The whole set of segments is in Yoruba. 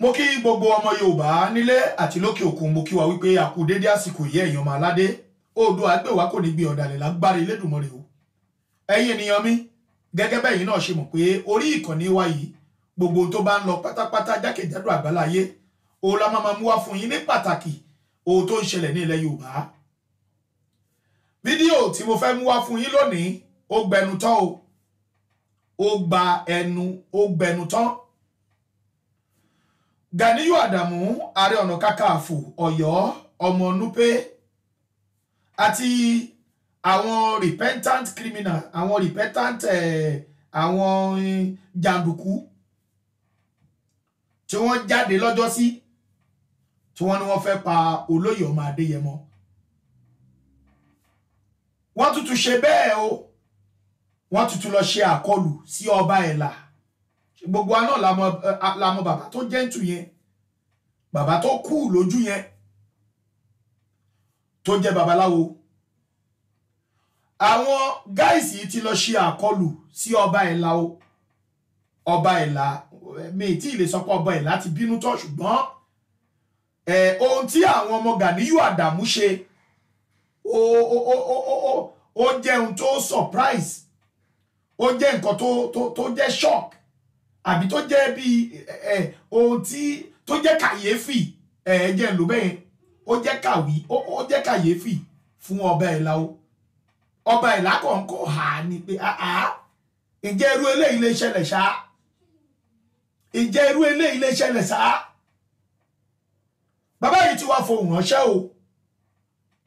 mo kí gbogbo ọmọ yorùbá nílé àti lókè òkun mo kí wa wípé a kú déédé àsìkò yìí ẹ̀yin ọmọ aládé oòdùà gbé wa kò ní gbé ọ̀dàlẹ̀ lágbára Elédùmarè o ẹ̀yin ènìyàn mi gẹ́gẹ́ bẹ́ẹ̀ yín náà ṣe mọ̀ pé orí ìkànnì wa yìí gbogbo tó bá ń lọ pátápátá jákèjádò àgbáláyé òun la máa mú wá fún yín ní pàtàkì ohun tó ń ṣẹlẹ̀ ní ilẹ̀ yorùbá fídíò tí mo fẹ́ mú wá fún yín lónìí ó gbẹnu tán o ó gba ẹnu ó gbẹnu tán Ganiyu Adamu are ọ̀nà kakanfò ọ̀yọ́ ọmọ nupe àti àwọn repentant criminal àwọn repentant eh, àwọn eh, jàǹdùkú tí wọ́n jáde lọ́jọ́ sí tí wọ́n ní wọ́n fẹ́ pa olóyè ọmọ adéyẹmọ wọ́n tuntun ṣe bẹ́ẹ̀ o wọ́n tuntun lọ ṣe àkọlù sí ọba ẹ̀là. E gbogbo wa náà la mọ eh, bàbá tó jẹ́ǹtù yẹn bàbá tó kú lójú yẹn tó jẹ́ babaláwo àwọn gáìsì ti lọ ṣe àkọlù sí ọba ìlà o ọba ìlà mi tí ì lè sọ pé ọba ìlà ti bínú tán ṣùgbọ́n eh, ohun tí àwọn ọmọ Gàníyù Àdàmú ṣe ó jẹ́ ohun tó surprise ó jẹ́ nǹkan tó jẹ́ shock àbí tó jẹ́ bí ẹ ohun tí tó jẹ́ kàyéfì ẹ jẹ́ ló bẹ́ẹ̀ ó jẹ́ kàwí ó jẹ́ kàyéfì fún ọba ìlà o ọba ìlà kọ̀ọ̀kan hà ní pé àá ah, ah, ǹjẹ́ irú eléyìí lè ṣẹlẹ̀ ṣá ǹjẹ́ irú eléyìí lè ṣẹlẹ̀ ṣá bàbá yìí ti wá fohùn ránṣẹ́ o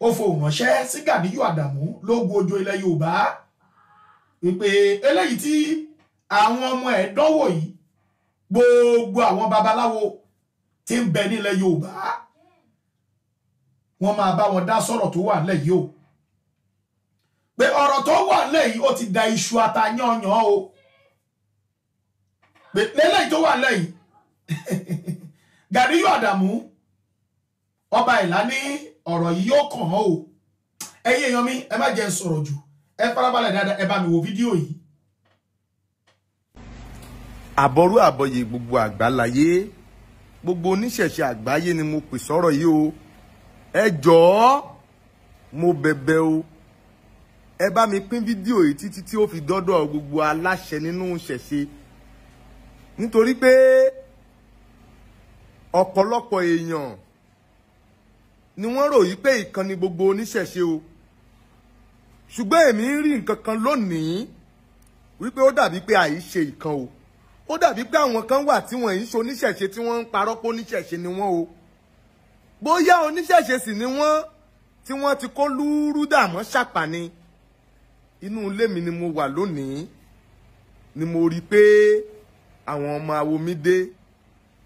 ó fohùn ránṣẹ́ sí Gàníyù Àdàmú lógun ojú ilẹ̀ Yorùbá wípé eléyìí tí àwọn ọmọ ẹ̀ dánwò yìí gbogbo àwọn babaláwo tí ń bẹ nílẹ̀ Yorùbá wọ́n máa bá wọn dá sọ̀rọ̀ tó wà nílẹ̀ yìí o pé ọ̀rọ̀ tó wà nílẹ̀ yìí ó ti da iṣu àtàyànyàn o pé lélẹ́yìí tó wà nílẹ̀ yìí Gàdíyù Àdàmú ọba ìlà ní ọ̀rọ̀ yìí yóò kàn án o ẹ̀yin èèyàn mi ẹ má jẹ́ n jù ẹ farabalẹ̀ dáadáa ẹ bá mi wo fídíò yìí àbọ̀rú àbọ̀yè gbogbo àgbáláyé gbogbo oníṣẹ̀ṣe àgbáyé ni mo pè sọ́rọ̀ yìí o ẹ jọ̀ọ́ mo bẹ̀bẹ̀ o ẹ bá mi pín fídíò yìí títí tí ó fi dọ́dọ̀ gbogbo aláṣẹ nínú ìṣẹ̀ṣe nítorí pé ọ̀pọ̀lọpọ̀ èèyàn ni wọ́n rò yí pé ìkan ni gbogbo oníṣẹ̀ṣe o ṣùgbọ́n èmi ń rí nǹkan kan lónìí wípé ó dàbí pé àìṣe ìkan o ó dàbí pé àwọn kan wà tí wọ́n ń ṣe oníṣẹ̀ṣe tí wọ́n ń parọ́ pé oníṣẹ̀ṣe ni wọ́n o bóyá oníṣẹ̀ṣe sì ni wọ́n tí wọ́n ti kó lúúrú dààmú ṣàpàní inú ilé mi ni mo wà lónìí ni mo rí i pé àwọn ọmọ awomide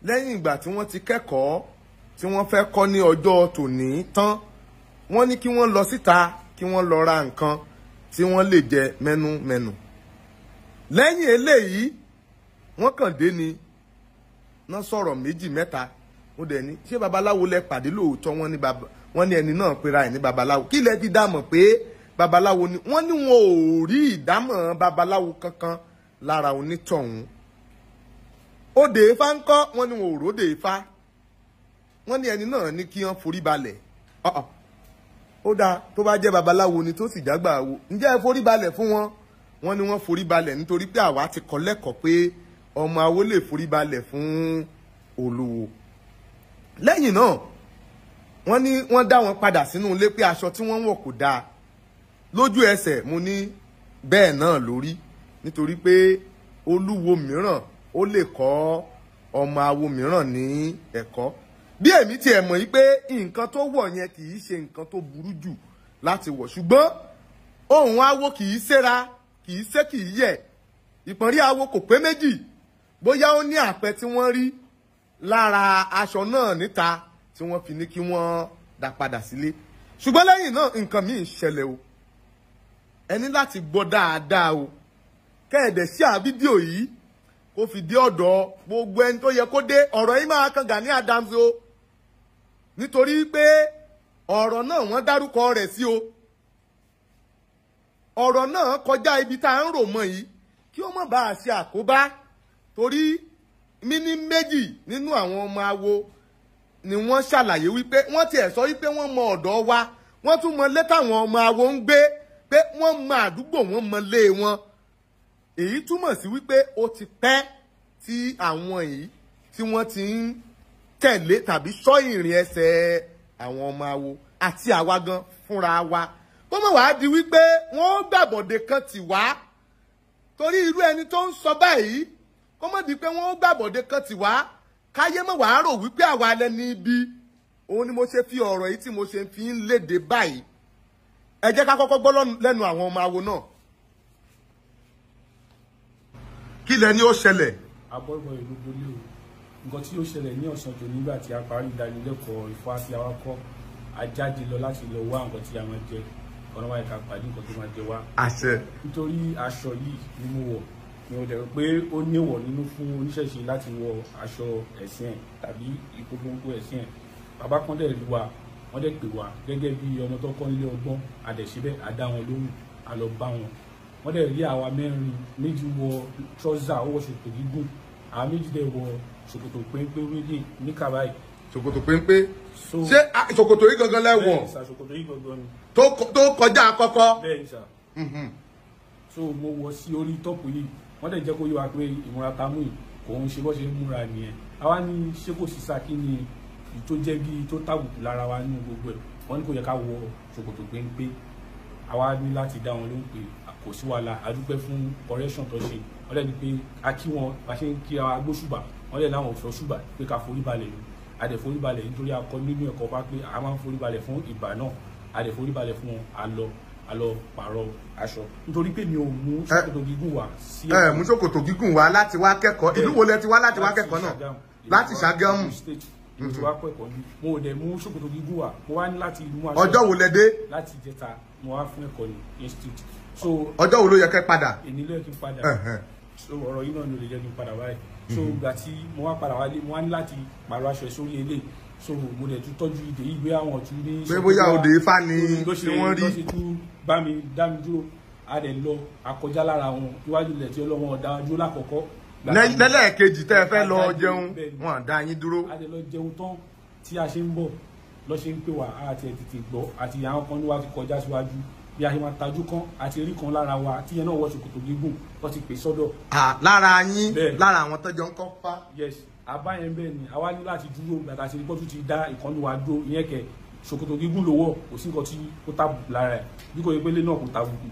lẹ́yìn ìgbà tí wọ́n ti kẹ́kọ̀ọ́ tí wọ́n fẹ́ kọ́ ní ọjọ́ tòní tán wọ́n ní kí wọ́n lọ síta kí wọ́n lọ ra nǹkan tí wọ́n lè jẹ mẹ́numẹ́nu lẹ́yìn eléyìí wọ́n kàn dé ni ná sọ̀rọ̀ méjì mẹ́ta mo dẹ̀ ní ṣé babaláwo lẹ pàdé lóòótọ́ wọ́n ní baba wọ́n ní ẹni náà pera ẹ̀ ní babaláwo kí lẹ ti dámọ̀ pé babaláwo ni wọ́n ní wọn ò rí ìdámọ̀ babaláwo kankan lára onítọ̀hún òde ifá ń kọ́ wọ́n ní wọn ò róde ifá wọ́n ní ẹni náà ní kí wọ́n forí balẹ̀ ó dáa tó bá jẹ́ babaláwo ni tó sì jágbà wo ǹjẹ́ ẹ forí balẹ̀ fún wọn wọ́n ní wọ́n forí balẹ̀ nítorí pé àwa ti kọ́ lẹ́kọ̀ọ́ pé ọmọ awo lè foríbalẹ̀ fún olúwo lẹ́yìn náà wọ́n ní wọ́n dá wọn padà sínú ilé pé aṣọ tí wọ́n wọ̀ kò dáa lójú ẹsẹ̀ mo ní bẹ́ẹ̀ náà lórí nítorí pé olúwo mìíràn ó lè kọ́ ọmọ awo mìíràn ní ẹ̀kọ́ bí èmi tiẹ̀ mọ̀ yí pé nǹkan tó wọ̀ yẹn kì í ṣe nǹkan tó burú jù láti wọ̀ ṣùgbọ́n ohun awo kì í séra kì í sé kì í yẹ ìpọ́nrí awo kò pé méjì bóyá ó ní àpẹ tí wọ́n rí lára aṣọ náà níta tí wọ́n fi ní kí wọ́n dá padà sílé ṣùgbọ́n lẹ́yìn náà nǹkan míì ṣẹlẹ̀ o ẹ ní láti gbọ́ dáadáa o kẹ́ẹ̀dẹ̀ sí àfídíò yìí kó fi dé ọ̀dọ̀ gbogbo ẹni tó yẹ kó dé ọ̀rọ̀ yìí máa kan Gani Adams o nítorí pé ọ̀rọ̀ náà wọ́n dárúkọ rẹ̀ sí o ọ̀rọ̀ náà kọjá ibi tá à ń rò mọ́ yìí kí ó má bàa ṣe àkóbá torí míní méjì nínú àwọn ọmọ awo ni wọ́n ṣàlàyé wípé wọ́n tiẹ̀ sọ wípé wọ́n mọ ọ̀dọ̀ wa wọ́n tún mọ létà àwọn ọmọ awo ń gbé pé wọ́n mọ àdúgbò wọ́n mọ lé wọn èyí túmọ̀ sí wípé ó ti pẹ́ tí àwọn yìí tí wọ́n ti ń tẹ̀lé tàbí sọ ìrìn ẹsẹ̀ àwọn ọmọ awo àti àwa gan fúnra wa kó mọ̀ wá di wípé wọ́n gbàbọ̀dé kan tì wá torí irú ẹni tó ń sọ báyìí kó mọ̀ di pé wọ́n ó gbàbọ̀dé kan tì wá káyé mọ̀ wàá rò wípé àwa lẹni ibi òun ni mo ṣe fi ọ̀rọ̀ yìí tí mo ṣe fi ń léde báyìí ẹ jẹ́ ká kọ́kọ́ gbọ́ lẹ́nu àwọn ọmọ awo náà. kí lẹ ní ó ṣẹlẹ̀. abọ́bọ̀ ìlú gbolé o nǹkan tí ó ṣẹlẹ̀ ní ọ̀sán nígbà tí a parí ìdánilẹ́kọ̀ọ́ Ifá tí a wá kọ́ a jáde lọ láti lọ wá nǹkan tí a máa jẹ ọ̀nà wáyé ká pàdé nǹkan tó máa jẹ wá. àṣẹ. nítorí aṣọ yìí ni mo wọ̀ ni o dẹ̀rọ pé ó níwọ̀ nínú fún oníṣẹ̀ṣe láti wọ aṣọ ẹ̀sìn ẹ̀ tàbí ìpolongo ẹ̀sìn ẹ̀ bàbá kan dẹ̀ rí wa wọ́n dẹ̀ pè wá gẹ́gẹ́ bí ọmọ tó kọ́ nílé ọgbọ́n àdẹ̀síbẹ̀ àdá wọn lóhùn àlọ́ bá wọn wọ́n dẹ̀ rí àwa mẹ́rin méjì wọ trọ́sà ó wọ ṣòkòtò gígùn àwa méjì dẹ̀ wọ ṣòkòtò péńpé méjì níkà báyìí. ṣòkòtò péńpé ṣé ṣòkòtò yìí gangan lẹ́wọ̀n bẹ́ẹ̀ sà ṣòkòtò yìí gangan ni. tó kọjá àkọ́kọ́. bẹ́ẹ̀ sà mhm. so mo wọ sí orí tọ́pù yìí wọ́n dẹ̀ jẹ́ kó yé wa pé ìmúra ta mú yìí kò ń ṣe bó ṣe ń múra nìyẹn àwa ní ṣé kò sí sá kí ni tó jẹ́ bí tó tàbùkù lára wa nínú gbogbo ẹ̀ wọ́n ní kò yẹ ká wọ ṣòkòtò péńpé àwa ní láti dá wọn lóhùn pé kò sí wàhálà a dúpẹ́ fún correction tó ṣe wọ́n dẹ̀ ní pé a kí wọn bá ṣe ń kí wa gbó ṣùgbà wọ́n dẹ̀ láwọn òfin ṣùgbà pé ká forí balẹ̀ lò a dẹ̀ forí balẹ̀ nítorí akọ nínú ẹ̀kọ́ bá a máa forí balẹ̀ fún ìgbà náà a dẹ̀ forí balẹ̀ fún wọn a lọ a lọ pààrọ̀ aṣọ nítorí pé mi ò mú eh, ṣòkòtò gígùn wá sí ẹ eh, mú ṣòkòtò gígùn wá láti wá kẹ́kọ̀ọ́ ìlú wo lẹ ti wá láti wá kẹ́kọ̀ọ́ náà láti Ṣàgámù mo ti wá kẹ́kọ̀ọ́ ni mo ò dẹ̀ mú ṣòkòtò gígùn wá mo wá ní láti mú aṣọ ọjọ́ wo lẹ dé láti ìjẹta mo wá fún ẹ̀kọ́ ní institute so ọjọ́ wo ló yẹ kẹ́ padà èmi ló yẹ kí n padà eh, so ọ̀rọ̀ yìí náà ló lè jẹ́ kí n padà báyìí so mm-hmm. ìgbà tí mo wá padà wálé mo wá ní láti pààrọ̀ aṣọ ìsórí eléyìí so mo dẹ̀ tún tọ́jú ìdè yìí bóyá wọn tún ní. pé bóyá òde ifá ni wọ́n rí. ló ṣe tún bá mi dá mi dúró a dẹ̀ lọ akọjá lára wọn iwájú ilẹ̀ tí ọlọ́wọ́n ọ̀dà dúró lákọ̀ọ́kọ́. lẹ́lẹ́ẹ̀kejì tẹ́ ẹ fẹ́ lọ jẹun wọn dá yín dúró. a dẹ̀ lọ jẹun tán tí a ṣe ń bọ̀ lọ ń pè wá àti ẹ̀ tètè gbọ́ àti àwọn kan ní wàá ti kọjá síwájú bí a ṣe máa tajú kan àti rí kan lára wa tí yẹn náà wọ ṣòkòtò gígùn wọ́n ti pè sọ́dọ̀. lára yín lára àwọn tọ́jọ́ ń kọ́ pa. yes àbáyẹn bẹ́ẹ̀ ni àwa ní láti dúró gbàgbà sí ipò tó ti dá ìkànnì wa dúró ìyẹn kẹ ṣòkòtò gígùn lówó kò sí nǹkan tí ó tàbùkù lára ẹ̀ bí kò yẹ pé lé náà kò tàbùkù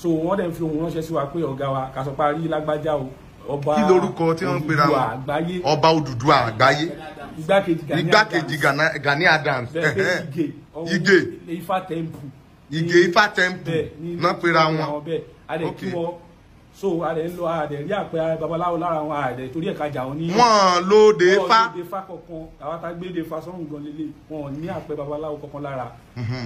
so wọ́n dẹ̀ ń fi ohun ránṣẹ́ sí wa pé ọ̀gá wa kàṣọ parí lágbájá o ọba kí lorúkọ tí wọ́n ń pera wọn ọba Odùduwà àgbáyé igbákejì Gani Adams Ige Ifá temple Ige Ifá temple náà pera wọn ok so àdè ń lo àdè rí àpẹ babaláwo lára wọn àdè torí ẹ̀ka jà wọn ní. wọn ló de fa wọn ló de fa kankan àwọn àtàgbé de fa sọ́run gan lélẹ̀ wọn ní àpẹ babaláwo kankan lára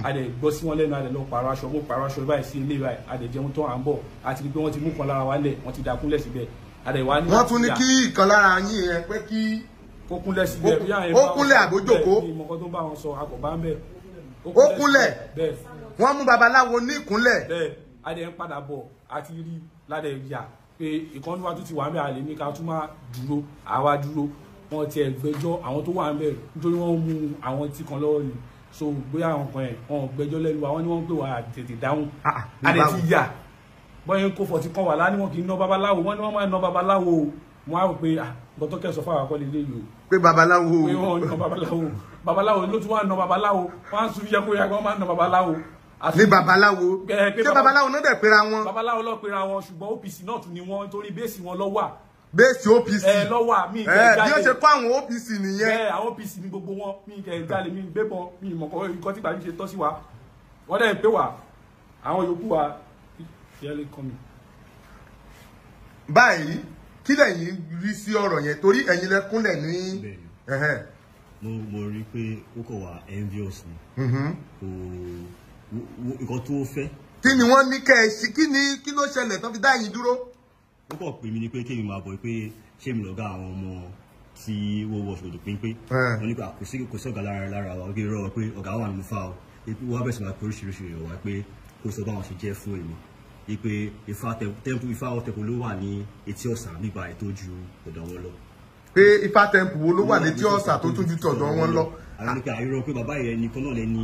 àdè mhm. gbọ́ sí wọn lẹ́nu àdè lọ pààrọ̀ aṣọ bó pààrọ̀ aṣọ báyìí sí ilé báyìí àdè jẹun tán à ń bọ̀ àti pé wọ́n ti mú kan lára wa lẹ̀ wọ́n ti dà kúnlẹ̀ síbẹ̀ àdè wa ní. wọ́n tún ní kí ìkan lára yín yẹn pé kí. ó kúnlẹ̀ síbẹ̀ ó kúnlẹ̀ àgbójòkó ó kúnlẹ̀ wọ́n mú babaláwo ní ìkúnlẹ̀ adẹ̀ ń padà bọ̀ àti rí ládẹ̀ yà pé ìkànnì wa tún ti wà ń bẹ̀ àlè ní ká tún máa dúró àwa dúró wọn ti ẹgbẹjọ àwọn tó wà ń bẹ̀ nítorí wọn mú àwọn tí kan lọ́wọ́ ni so bóyá àwọn kan yẹn wọn gbẹ́jọ́ lẹ́nu wa wọn ni wọn pè wá tètè dáhùn adẹ̀ ah, ah, ti yà bọ́yẹn kó fọ̀tí kan wà láni wọn kì í ná babaláwo wọn ni wọn máa ná babaláwo wọn á rò pé ah, nǹkan tó kẹsàn fáwọn akọ́lé ilé yìí o. pé babaláwo. pé wọn ò ná babaláwo babaláwo ló tún wà ná babaláwo wọn á sùn yẹ kó yẹ kó wọn máa ná babaláwo ní babaláwo eh, ṣé babaláwo náà dẹ̀ pera wọn. babaláwo lọ pera wọn ṣùgbọ́n OPC náà tún ni wọn nítorí bẹ́ẹ̀sì wọn lọ́wọ́ à. bẹ́ẹ̀sì OPC ẹ eh, lọ́wọ́ à mí ìfẹ́ eh, jáde ẹ bí ó ṣe kó àwọn OPC nìyẹn. bẹ́ẹ̀ àwọn OPC ni gbogbo wọn mí ìfẹ́ jáde mí gbébọn mí ìmọ̀kọ́ ikọ́ tí gbàgbé ṣe tọ́ sí wa wọ́n dẹ̀ pé wà àwọn yòókù wa yẹ́lẹ̀ kọ́ mi. báyìí kí lẹ̀yin rí sí ọ̀rọ̀ yẹn torí ẹ̀yin lẹ ní mo rí i pé ó kọ̀ wá envious ni mm-hmm. kò nǹkan tó fẹ́. kí ni wọ́n ní kẹ́ ẹ sí kí ni kí ló ṣẹlẹ̀ tó fi dá yín dúró. ó kàn pè mí ni pé kémi máa bọ̀ pé ṣé mi lọ́gá àwọn ọmọ tí wọ́n wọ ṣòdò pínpín. wọ́n ní pé kò sí kò sí ọ̀gá lára lára wa wípé rọ pé ọ̀gá wà nínú fa o wọ́n bẹ̀rẹ̀ sí máa pé oríṣiríṣi rẹ̀ wá pé kó sọ báwọn ṣe jẹ́ fún èmi wípé ifá ọ̀tẹ̀kùn ló wà ní etí ọ̀sán nígbà ètò ju ọ̀dọ̀ wọn lọ pé ifá temple wo ló wà létí ọ̀sà tó tún ju tọ̀dọ̀ wọn lọ. àwọn ìpè pé bàbá yẹn nìkan náà lẹni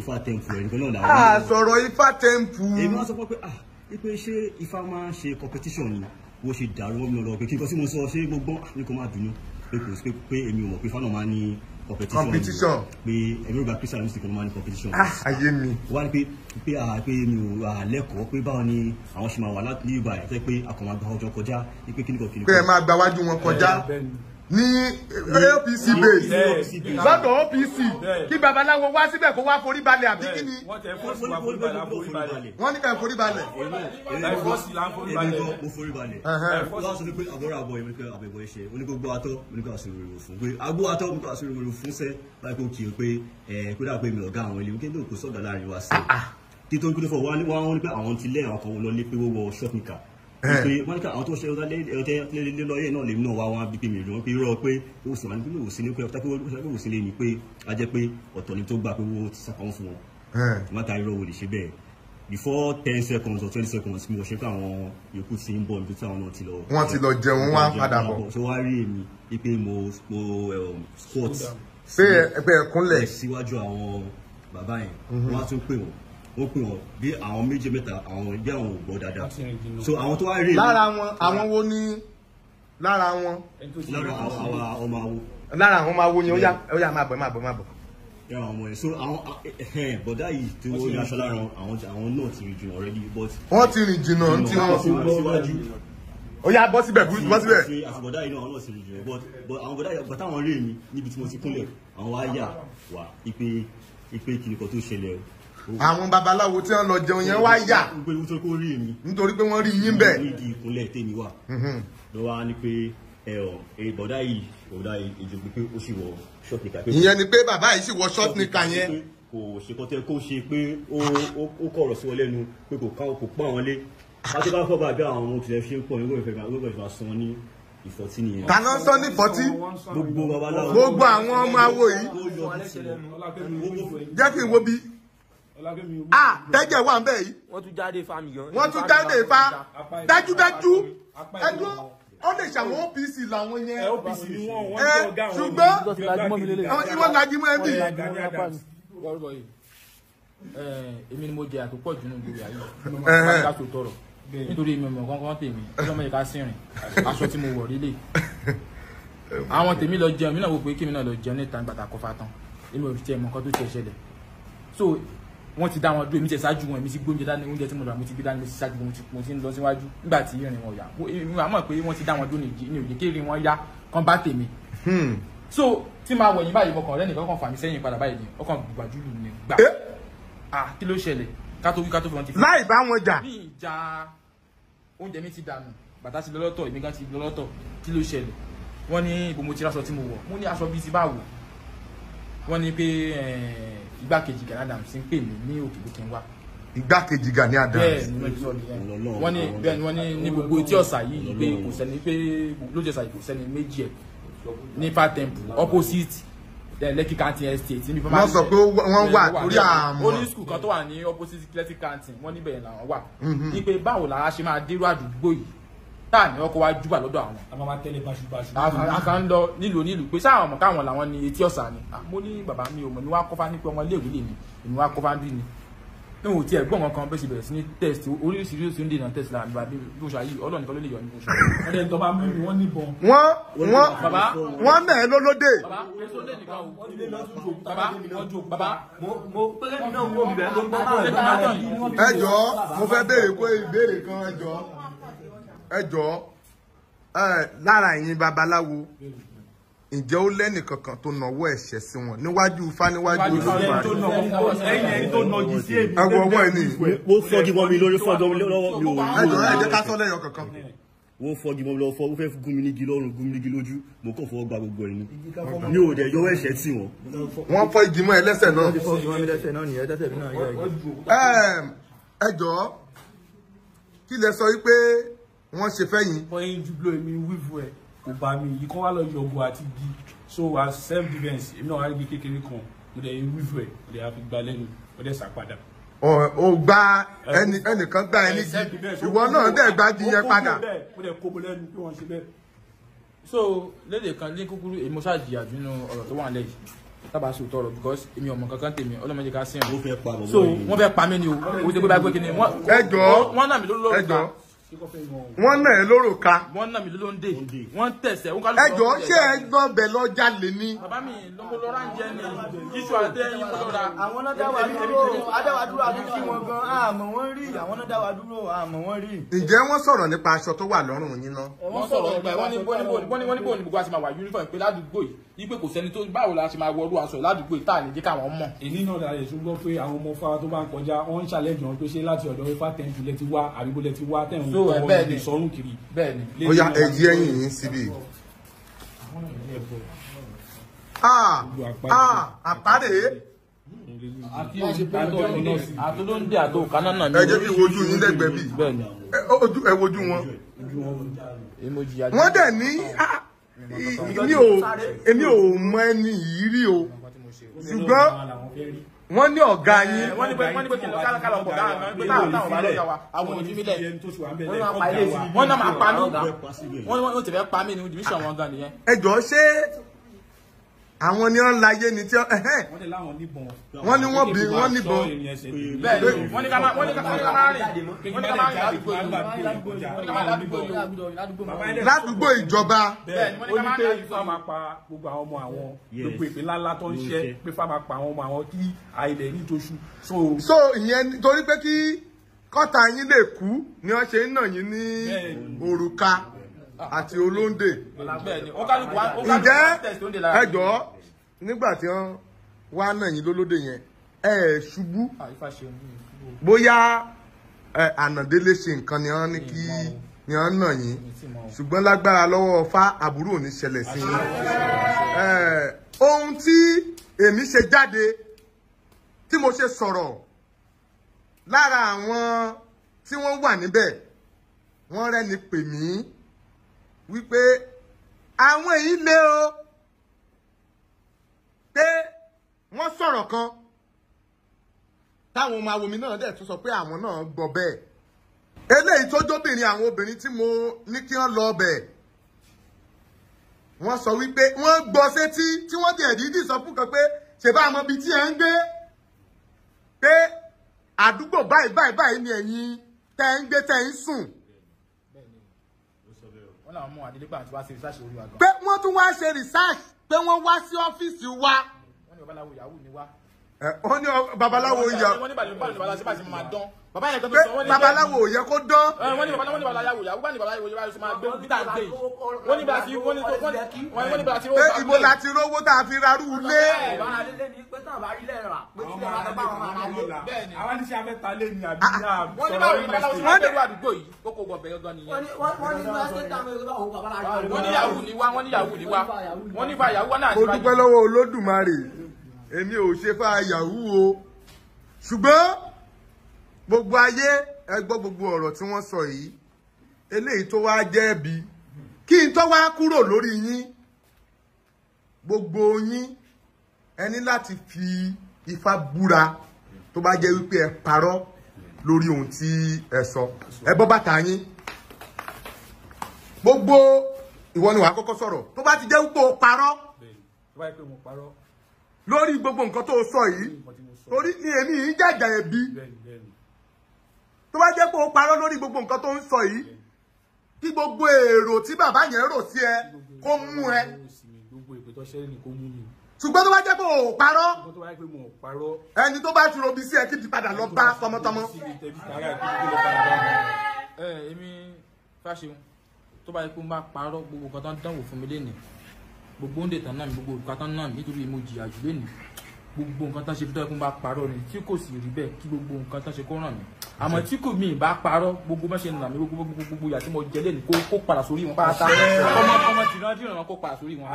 ifá temple ẹnìkan náà làwọn. sọ̀rọ̀ ifá temple. èmi wá sọ pé ah ipe ṣé ifá máa ń ṣe competition ni wo ṣe dàrú wọn mi lọ pé kí n kọ sí mo sọ ṣé gbogbo ah, ní kò má dùnú pé kò sí pé èmi ò mọ̀ pé ifá náà máa ní competition competition pé èmi ò gba christian music ló máa ní competition. Ah, ayé mi. wá ní pé pé mi ò lẹ́kọ̀ọ́ pé báwo ni àwọn ṣe máa wà láti ní ìgbà yẹn tẹ́ pé a kò máa gba ọjọ́ kọjá ní pé kíníkan kíníkan. pé ẹ máa gba wọn kọjá ní APC eh, eh, base lọ́dọ̀ OPC kí babaláwo wá síbẹ̀ kó wá forí balẹ̀ àbí kí ni. wọ́n tẹ fún ìwà forí balẹ̀ forí balẹ̀. wọ́n ní ká forí balẹ̀. èmi kò mo ah. forí wọ́n sọ pé àwọn ti lé àwọn kan lọ lé pé wọ́n wọ ṣọ́ọ̀kì kà Eh. pé ká àwọn tó ṣe ọtẹ lé lọ́yẹ̀ náà lèmi náà wá wọn bí mi rò wọn pé irọ́ pé ó sì wà ní pé ní pé ọtá pé wò sí pé a jẹ́ pé ọ̀tọ̀ ni tó gbà pé wọ́n ti sàkàn fún wọn wọn eh. irọ́ wò lè ṣe bẹ́ẹ̀ before ten seconds or twenty seconds mi ò ṣe pé àwọn yòókù ti ń bọ̀ níbi tí àwọn náà ti lọ. wọ́n ti lọ jẹun wá padà bọ̀. ṣé wàá rí èmi pé mo mo um, squat. pé ẹgbẹ́ kúnlẹ̀. síwájú àwọn wọ́n pè wọ́n bí àwọn méjì mẹ́ta àwọn bí àwọn ò gbọ́ so àwọn tó wá rí. lára wọn àwọn wo ni lára wọn. lára àwọn ọmọ awo. lára àwọn ọmọ awo ni ó yá máa bọ̀ máa bọ̀ máa bọ̀ àwọn ọmọ yẹn so àwọn bọ̀dá yìí tí wọ́n yà aṣọ lára àwọn àwọn náà ti rìn jìnnà already but. wọ́n ti rìn jìnnà tí wọ́n ti bọ́ síwájú. ó yà bọ́ síbẹ̀ burúkú bọ́ síbẹ̀. àti bọ̀dá yìí náà àwọn náà ti rìn jìnnà but àwọn bọ̀dá yìí bàtà àwọn rí àwọn babaláwo tí wọ́n lọ jẹun yẹn wá yà nítorí pé wọ́n rí yín bẹ́ẹ̀. nídìí ìkúnlẹ̀ tèmi wà mhm. lọ́wọ́ á pé ẹ̀rọ bọ̀dá yìí bọ̀dá ìjọba pé ó sì wọ short nika. ìyẹn ni pé bàbá yìí sì wọ short nika yẹn. kò ṣe kọ́tẹ́ kó ṣe pé ó kọ̀rọ̀ sí wọn lẹ́nu pé kò pọ́n àwọn lé láti bá fọ́ bàbá àwọn ohun tilẹ̀ ṣe ń pọ̀ nígbà nìyẹn. ta sọ ní ìfọ̀tí. gbogbo babaláwo. gbogbo àwọn ọmọ awo yìí. jẹ́ kí n wo bí ah tẹ́jẹ̀ wà ń bẹ̀ yìí. wọ́n tún jáde fa mi gan. wọ́n tún jáde fa dájúdájú ẹdún ó lè ṣàwọn OPC làwọn yẹn. OPC ni wọn wọn jẹ ọgá wọn. ṣùgbọ́n ìwọ́n lajú mọ́ ẹbí. èmi ni mo jẹ àtòpọ̀ jù nínú ìgbéyà yìí. wọ́n ká tó tọrọ nítorí èmi ọmọ kankan tèmi ọlọ́mọ ìka sínrin aṣọ tí mo wọ̀ lílé àwọn tèmi lọ jẹun mi náà wò pé kí mi náà lọ jẹun níta gbàtà kọfà tán èmi ò tiẹ̀ mọ̀ nǹkan tó tiẹ̀ ṣẹlẹ̀ so wọ́n ti dá wọn dúró èmi ti ṣáájú wọn èmi ti gbóúnjẹ dání oúnjẹ tí mo rà mo ti gbé dání mo ti ṣáájú wọn mo ti ń lọ síwájú nígbà tí ìrìn wọn yà èmi àmọ́ pé wọ́n ti dá wọn dúró ní òye kí ìrìn wọn yá kan bá tèmi. Hmm. so tí máa wọ̀nyí báyìí mọ̀kàn rẹ́ nìkan kan fà mí sẹ́yìn padà báyìí ni ọkàn gbàjú lù ní gbà. ah kí ló ṣẹlẹ̀ ká wí ká tó wọn ti fi. láì bá wọn jà. mi ìjà oúnjẹ mi ti dànù igbákejì Gani Adams ń pè mí ní òkè bókin wá. igbákejì Gani Adams. wọ́n ní bẹ́ẹ̀ ni wọ́n ní ní gbogbo etí ọ̀sà yìí pé kò sẹ́ni pé lójú ọ̀sà yìí kò sẹ́ni méjì ẹ̀ nípa temple opposite eh, lẹ́kì kantin estate níbi fọ́nmá. wọ́n sọ pé wọ́n wà torí àmọ́. ó ní kan tó wà ní opposite lẹ́kì kantin wọ́n níbẹ̀ làwọn wà. Mm-hmm. ní pé báwo làá ṣe máa dérú àdúgbò yìí táà ní ọkọ̀ wa júbà lọ́dọ̀ àwọn. a máa ma tẹ́lẹ̀ báṣubàṣu. a kàn ń lọ nílùú nílùú pé sáà ọmọ káwọn làwọn ní etí ọ̀sà ni mo ní bàbá mi ò mọ̀ ní wàá kọ́fà ní pé ọmọ iléèwé lè ní èmi wàá kọ́fà bí ni. ní òun ti ẹ̀gbọ́n kan bẹ́ẹ̀ sì bẹ̀rẹ̀ sí ní test oríṣiríṣi ń dènà test láàrin bàbá bí oṣù ayé ọlọ́ọ̀ni kan ló lè yọ ní oṣù. ẹ jọ̀ọ́ mo fẹ́ béèrè kó ìbéèrè kan ẹ jọ̀ọ́ ẹ jọ̀ọ́ lára ẹ̀yin babaláwo ǹjẹ́ ó lẹ́nìkankan tó nawọ́ ẹ̀ṣẹ̀ sí wọn níwájú ifá níwájú olùfà rẹ̀ ẹwọ ọwọ́ ẹ̀ ní. mo fọ́gi mọ́ mi lórí fọ́gi mọ́ mi lọ́wọ́ mi ò rí. ẹ jọ̀ọ́ ẹ jẹ́ ká sọ lẹ́yọ kankan. wọ́n fọ́gi mọ́ mi lọ́wọ́ fọ́ wọ́n fẹ́ gún mi nígi lọ́rùn gún mi nígi lójú mo kàn fọwọ́ gba gbogbo ẹ̀yìn mi ò dẹ̀ yọwọ́ ẹ̀ṣẹ̀ tì wọ́n. wọ́n fọ́ igi mọ́ ẹ lẹ́sẹ̀ náà. ẹ jọ̀ọ́ kí lẹ sọ wípé wọ́n ṣe fẹ́ yín. bọ́yìn jùlọ èmi wíwú ẹ̀ kò bá mi yìí kán wá lọ yọ̀gbọ̀ àti gi so as self defence èmi náà wá rí kékeré kan mo dẹ̀ wíwú ẹ̀ mo dẹ̀ á fi gba lẹ́nu mo dẹ̀ sá padà o gba ẹnìkan gba ẹni ìwọ náà dẹ̀ gba jiyẹn padà. so lédè kan ní kúkúrú èmi ṣáà jìyà nínú ọ̀rọ̀ tó wà nílẹ̀ yìí sùn tọrọ because èmi ọmọ kankan tèmi ọlọ́mọdé ká sí so wọ́n fẹ́ pa mí ni o o ti gbé báyìí pé kí ni wọ́n wọ́n nà ẹ́ lóró ka. wọ́n nà mí ló ń dè wọ́n tẹ̀sẹ̀. ẹjọ́ ṣé ẹ gbọ́ bẹ̀ lọ́jà lè ní. bàbá mi lọ́kọ́ lọ́ra ń jẹ́ ni iṣu àti ẹyin kọ́ra. àwọn náà dá wa dúró adá wa dúró àbí kí wọn gan àmọ́ wọn rí àwọn náà dá wa dúró àmọ́ wọn rí. ǹjẹ́ wọ́n sọ̀rọ̀ nípa aṣọ tó wà lọ́rùn yín ná. wọ́n sọ̀rọ̀ nípa wọ́n ní pé kò sẹ́ni tó báwo la ṣe máa wọ aṣọ ládùúgbò yìí tá à ní jẹ́ káwọn mọ̀. èyí náà dàrẹ ìṣúgbọ́ pé àwọn ọmọ fara tó bá ń kọjá wọ́n ń ṣàlẹ́jọ́ pé ṣé láti ọ̀dọ̀ ifá tẹ́ǹtù lẹ ti wá àbíbo ti wá tẹ́ǹtù bẹ́ẹ̀ni bẹ́ẹ̀ni. ó yá ẹyí ẹyìn yín síbi. àpárè. àtúndóńdé àtò kánáà ni. ẹ jẹ́ kí wojú yín lẹ́gbẹ̀ẹ́ bí. ẹ wojú wọn. wọ́n dẹ̀ ní ah, èmi ò mọ ẹni yìí rí o ṣùgbọ́n wọ́n ní ọ̀gá yín. Eh, wọ́n ní pé wọ́n ní pé kí n lọ kálọ̀ kálọ̀ pọ̀ dáhùn náà pé táwọn táwọn bá lọ́jà wa àwọn òní mílẹ̀ wọ́n náà pa ilé ìsìn wọ́n náà máa pa mí wọ́n tẹ̀fẹ́ pa mí ní division wọn gan nìyẹn. ẹ jọ ṣé àwọn ni wọ́n láyé ni tí wọ́n ní wọ́n bí wọ́n níbọn wọ́n ní ká máa rìn wọ́n ní ká máa rìn ládùúgbò ìjọba ó ní pé ifá pa gbogbo àwọn ọmọ àwọn gbogbo ìpín ńláńlá tó ń ṣe pé ifá pa àwọn ọmọ àwọn kí àìlè ní toṣù. so ìyẹn torí pé kí kọ́ta yín lè kú ni wọ́n ṣe ń nà yín ní òrùka àti olóńdè ǹjẹ́ ẹjọ́ nígbà tí wọ́n wá náà yín lólódè yẹn ẹ ṣubú ah, bóyá ànàdélé ṣe nǹkan ni wọ́n ní kí ni wọ́n nà yín ṣùgbọ́n lágbára lọ́wọ́ fá àbúrò ò ní ṣẹlẹ̀ sí yín ohun tí èmi ṣe jáde tí mo ṣe sọ̀rọ̀ lára àwọn tí wọ́n wà níbẹ̀ wọ́n rẹ́ni pè mí wípé àwọn èyí lé o pé wọ́n sọ̀rọ̀ kan táwọn ọmọ awomi náà dẹ̀ tún sọ pé àwọn náà gbọ́ bẹ́ẹ̀ eléyìí tó jóbìnrin àwọn obìnrin tí mo ní kí wọ́n lọ bẹ̀ wọ́n sọ wípé wọ́n gbọ́ sétí tí wọ́n tiẹ̀ dídì sọ fún kan pé ṣèbá àmọ́ bíi tí ẹ ń gbé pé àdúgbò báyìí báyìí báyìí ni ẹ̀yin tẹ́ ń gbé tẹ́ ń sùn wọ́n làwọn mú Adeleke àti wá research orí wa gan. pé wọ́n tún wá ṣe research pé wọ́n wá sí ọ́fíìsì wa. wọ́n ní ọbaláwo yahoo ni wá wọ́n ní babaláwo yà wọ́n ní babaláwo sí bàtí máa dán bàbá yẹn kan tó sọ wọ́n ní babaláwo yẹ kó dán. wọ́n ní babaláwo yà wọ́n ní babaláwo yà wọ́n máa gbé bíta dé wọ́n ní bàtí wọ́n ní wọ́n ní bàtí owó bàtí. ìbò láti rówó tá a fi rarú lé. àwọn ní sàmẹ́ ta lé ní àbí náà. Ah, ah. wọ́n ní babaláwo sí wọ́n ní àdúgbò yìí kókó gbọ̀bẹ̀ gangan nìyẹn. wọ́n ní yahoo ni wá wọ́n ní yahoo ni wá wọ́n ní èmi ò ṣe fà yahoo o ṣùgbọ́n gbogbo ayé ẹ gbọ́ gbogbo ọ̀rọ̀ tí wọ́n sọ yìí eléyìí tó wá jẹ́bi kí n tó wá kúrò lórí yín gbogbo yín ẹ láti fi ifá búra tó bá jẹ́ wípé ẹ parọ́ lórí ohun tí ẹ sọ ẹ bọ́ bàtà yín gbogbo ìwọ ni wàá kọ́kọ́ sọ̀rọ̀ tó bá ti jẹ́ wípé o parọ́ lórí gbogbo nǹkan tó sọ yìí torí ni èmi yìí jàjà ẹ̀bi tó bá jẹ́ pé ó parọ́ lórí gbogbo nǹkan tó ń sọ yìí kí gbogbo èrò tí bàbá yẹn rò sí ẹ kó mú ẹ ṣùgbọ́n tó bá jẹ́ pé ò parọ́ ẹni tó bá ti robi sí ẹ kí ti padà lọ bá tọmọtọmọ. èmi fáṣeun tó bá yẹ kó má parọ́ gbogbo nǹkan tó ń dánwò fún mi lénìí gbogbo oúnjẹ tán náà mi gbogbo òrùka tán náà mi nítorí mo jìyà jù lónìí gbogbo nǹkan tán ṣe fi dọ́gbọ́n bá parọ́ ni tí kò sì rí bẹ́ẹ̀ kí gbogbo nǹkan tán ṣe kó ràn mí àmọ́ tí kò mí bá parọ́ gbogbo bá ṣe nà mí gbogbo gbogbo gbogbo yàtí mo jẹ lẹ́nu kó kó padà sórí wọn pátá ọmọ ọmọ tìrìnà tìrìnà kó padà sórí wọn.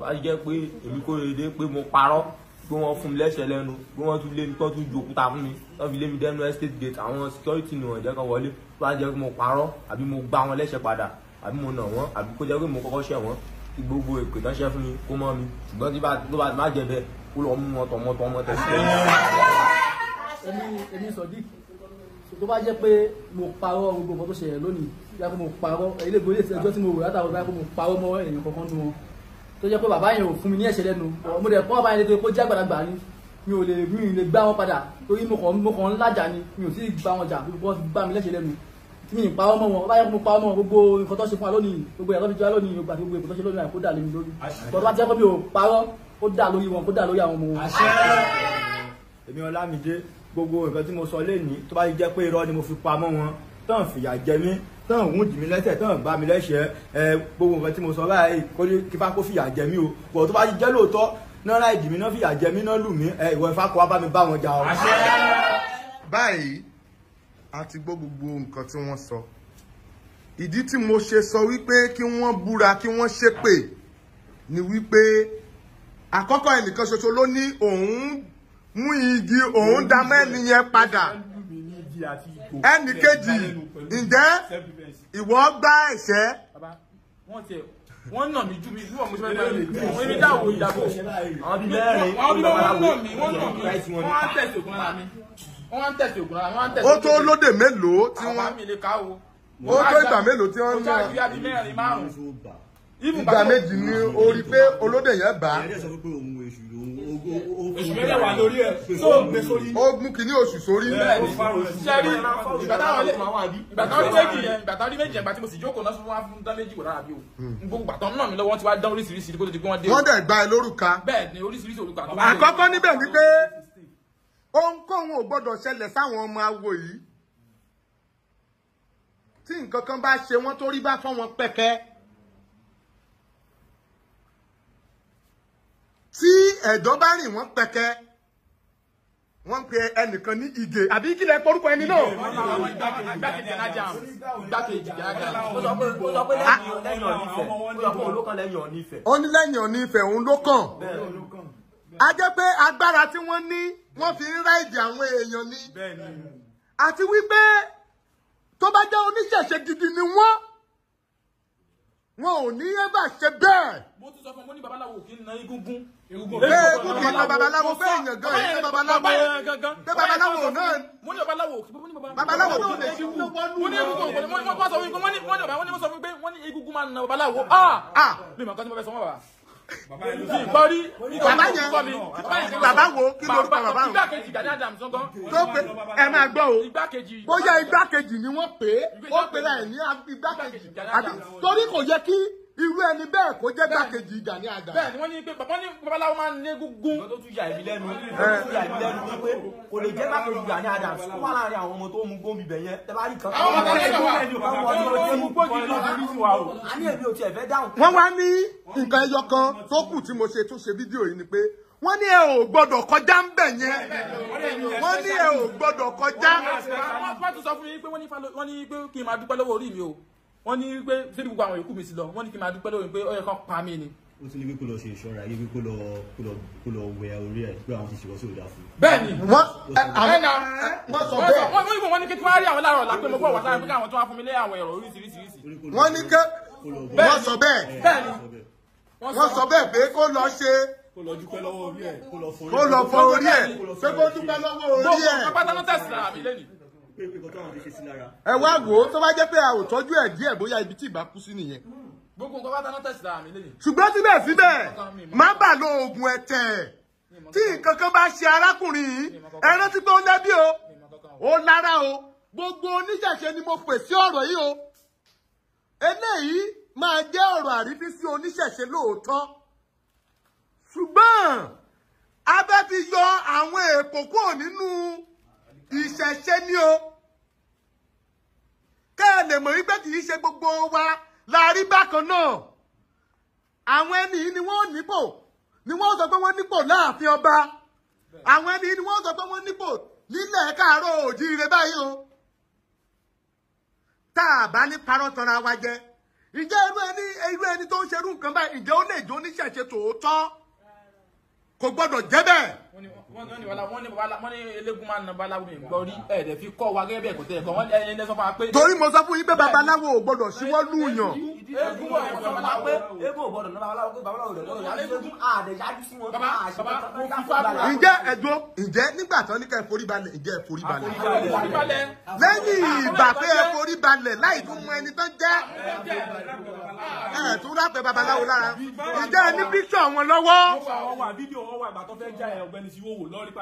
bá a jẹ́ pé èmi kò lè dé pé mo parọ́ pé wọ́n fún mi lẹ́sẹ̀ lẹ́nu pé wọ́n tún lé mi tó ju òkúta fún mi tó fi lé mi dẹ́nu estate gate àwọn security ni wọ́n kan wọlé bá a jẹ́ pé mo parọ́ àbí mo gbá wọn lẹ́sẹ̀ padà àbí mo nà wọ́n àbí kó jẹ́ pé mo kọ́kọ́ ṣẹ̀ wọ́n gbogbo èpè tó ṣe fún mi kó mọ́ mi ṣùgbọ́n tí tó bá má jẹ bẹ́ẹ̀ kó lọ mú wọn tọmọtọ ọmọ tẹ̀sí. èmi èmi sọ̀dí tó bá jẹ́ pé mo parọ́ gbogbo nǹkan tó ṣẹlẹ̀ lónìí bí a kò mo parọ́ ilé ìgbòlè ẹjọ́ tí mo wò látàwọn báyìí kò mo parọ́ mọ́ èèyàn kankan nu wọn tó jẹ́ pé bàbá yẹn ò fún mi ní ẹ̀ṣẹ̀ lẹ́nu mo dẹ̀ kọ́ bàbá yẹn lé pé ó jẹ́ àgbàlagbà ni mi ò lè mi ò lè gbá wọn padà torí mo kàn ń lájà ni mi ò sì gbá wọn jà gbogbo gbá mi lẹ́ṣẹ̀ lẹ́nu tí mi pa ọmọ wọn báyọ̀ mo pa ọmọ gbogbo nǹkan tó ṣe fún wa lónìí gbogbo ẹ̀rọ fi lónìí gbogbo àti gbogbo èkó tó ṣe lónìí àìkó dà lórí lórí bọ́dọ̀ bá ti ẹ́kọ́ mi ò parọ́ ó dà lórí wọn kó dà lórí àwọn ọmọ wọn. èmi Ọlámídé gbogbo nǹkan tí mo sọ lénìí tó bá jẹ́ pé irọ́ ni mo fi pamọ́ wọn tán fìyà jẹ mí tán òun jì mí lẹ́sẹ̀ tán bá mi lẹ́sẹ̀ gbogbo nǹkan tí mo sọ báyìí a ti gbọ́ gbogbo nǹkan tí wọ́n sọ ìdí tí mo ṣe sọ wípé kí wọ́n búra kí wọ́n ṣépè ni wípé àkọ́kọ́ ẹnìkan ṣoṣo ló ní òun mú igi òun dá mẹ́ni yẹn padà ẹnì kejì ǹjẹ́ ìwọ gbá ẹ̀ṣẹ̀ wọ́n nà mí jù mí bí mo ṣe fẹ́ gbà mí wọ́n mi ìyàbọ̀ àwọn bí wọ́n nà mí wọ́n nà mí wọ́n á tẹ̀sẹ̀ fún ara mi wọ́n ń tẹ̀sí ògùn ara wọ́n ń tẹ̀sí. ó tó lóde mélòó tí wọ́n. àwọn mi ká o. ó tó ìgbà mélòó tí wọ́n ń lọ. ó tó àbí mẹ́rin márùn-ún. ìgbà méjì ni o rí pé olóde yẹn bá. oṣù mẹ́rin wà lórí ẹ̀ tó ń gbé sórí. ó mú kínní oṣù sórí. sẹ́rí ìgbà táwọn lè ìgbà táwọn rí méjì yẹn ìgbà táwọn rí méjì yẹn ìgbà tí mo sì jókòó náà fún wa fún dán méjì wò ohunkóhun ò gbọdọ̀ ṣẹlẹ̀ sáwọn ọmọ awo yìí tí nǹkan kan bá ṣe wọ́n tó rí bá fọ́ wọn pẹ̀kẹ́ tí ẹ̀dọ́ bá rìn wọ́n pẹ̀kẹ́ wọ́n ń pe ẹnìkan ní ìgè àbí kí lẹ porúkọ ẹni náà. igbákejì alájà igbákejì alájà ó sọ pé ah. lẹ́yìn ọ̀nífẹ̀ ó ní lẹ́yìn ọ̀nífẹ̀ òun ló kàn a jẹ́ pé agbára tí wọ́n ní wọ́n fi ń ráìdì àwọn èèyàn ni àti wípé tó bá jẹ́ oníṣẹ̀ṣe gidi ni wọ́n wọn ò ní ẹ́bà ṣe bẹ́ẹ̀. mo ti sọ fún mo ní babaláwo kì í na egungun. egungun kì í na babaláwo bẹ́ẹ̀ yàn gan yìí babaláwo bẹ́ẹ̀ babaláwo náà. mo ní babaláwo mo ní babaláwo tó lè ṣe wù. mo ní egungun mo ní mo sọ fún mi pé mo ní egungun máa na babaláwo. Ah! Ah! Ah! mi màá kọ́ tí mo fẹ́ sọ wọn bàbá ìbọrí bàbá yẹn bàbá wo kí ló pa bàbá wọn. tó pe ẹ máa gbọ́ o bóyá igbákejì ni wọ́n pè é ó pe láì ní igbákejì torí kò yẹ kí irú ẹni bẹ́ẹ̀ kó jẹ́ gbàkejì Gani Adams. bẹ́ẹ̀ ni wọ́n ní pé bàbá ní babaláwo máa ń ní gúngún. lọ́dọ̀ tún yà ìbí lẹ́nu wípé kò lè jẹ́ gbàkejì Gani Adams kó wà láàrin àwọn ọmọ tó mú gómi bẹ̀ yẹn tẹ bá rí kan. àwọn ọmọ tó mú wọ́n wá ní nǹkan ẹyọ kan tó kù tí mo ṣe tún ṣe fídíò yìí ni pé wọ́n ní ẹ ò gbọ́dọ̀ kọjá ń bẹ̀ yẹn wọ́n ní ẹ ò gbọ́dọ̀ kọjá. wọ́n tún sọ fún mi pé wọ́n ní pé kí n máa dúpẹ́ lọ́wọ́ orí mi o wọ́n ní pé ṣé gbogbo àwọn yòókù mi ti lọ wọ́n ní kí n máa dúpẹ́ lórí pé ó yẹ kán pa mí ni. ó ti ní pé kó lọ ṣe ìṣọ́ra yé pé kó lọ kó lọ kó lọ wẹ orí ẹ̀ pé àwọn ti ṣe wọ́n sí òdà fún. bẹ́ẹ̀ni wọn ẹnà wọn sọ bẹ́ẹ̀. wọn ní wọn ní kí tí wọn rí àwọn láàárọ̀ la pé mo bọ̀ wá sáré pé káwọn tó wá fún mi lé àwọn ẹ̀rọ oríṣiríṣiríṣi. wọn ní ké wọn sọ bẹ́ẹ̀ wọn sọ bẹ́ẹ̀ pé kó lọ ṣe kó lọ dúpẹ́ lọ́wọ́ orí ẹ̀ kó lọ fọ orí ẹ̀ pé kó dúpẹ́ lọ́wọ́ orí ẹ̀. gbogbo pé pé nǹkan táwọn lè ṣe sí lára. ẹ wá wò ó tó bá jẹ́ pé a ò tọ́jú ẹ̀ díẹ̀ bóyá ibi tí ìgbà kú sí nìyẹn. Hmm. gbogbo nǹkan bá dáná tẹ̀sí lára mi lẹ́yìn. ṣùgbọ́n síbẹ̀síbẹ̀ má bà lo oògùn ẹ̀tẹ̀ tí nǹkan kan bá ṣe arákùnrin yìí ẹ rántí pé ó lẹ́bí o ó lára o gbogbo oníṣẹ̀ṣe ni mo pè sí ọ̀rọ̀ yìí o eléyìí máa jẹ́ ọ̀rọ̀ àrífín sí oníṣẹ̀ṣe lóòótọ́ ṣùgbọ́n abẹ́ fi yọ àwọn èèpo kúrò nínú ìṣẹ̀ṣe ni o kẹ́ ẹ lè mọ̀ wípé kì í ṣe gbogbo wa la rí bákan náà àwọn ẹni yìí ni wọ́n nípò ni wọ́n sọ pé wọ́n nípò láàfin ọba àwọn ẹni yìí ni wọ́n sọ pé wọ́n nípò nílẹ̀ káàárọ̀ òjíire báyìí o tá a bá ní parọ́ tanra wa jẹ ǹjẹ́ irú ẹni irú ẹni tó ń ṣerú nǹkan báyìí ǹjẹ́ ó lè jó oníṣẹ̀ṣe tòótọ́ kò gbọ́dọ̀ jẹ́ bẹ́ẹ̀ wọ́n ní wọ́n ní eléegun máa ń na babaláwo mi gbọ́ rí ẹ̀ẹ́dẹ̀ fi kọ́ wa gẹ́gẹ́ bí ẹ̀kọ́ tẹ̀kọ́ wọ́n ẹni ẹni sọ fún wa pé. torí mo sọ fún yín pé babaláwo ò gbọdọ̀ síwọ́ lùyàn. eégún wọ̀ ẹ̀ sọ fún wa pé eégún ò gbọdọ̀ náà babaláwo pé babaláwo rẹ̀ lọ́dọ̀ yájú eégún àdè yájú sí wọn. ǹjẹ́ ẹ̀dùn ǹjẹ́ nígbà tán ní ká ẹ forí balẹ̀ ǹjẹ́ ẹ forí balẹ̀. lẹ́yìn ìgbà pé ẹ forí balẹ̀ láì tún mọ ẹni tán jẹ́ ẹ̀ tún rápẹ́ babaláwo lára ǹjẹ́ ẹ ní píṣọ̀ wọn lọ́wọ́ ẹni tí wọ́wọ́ lọ́rí pa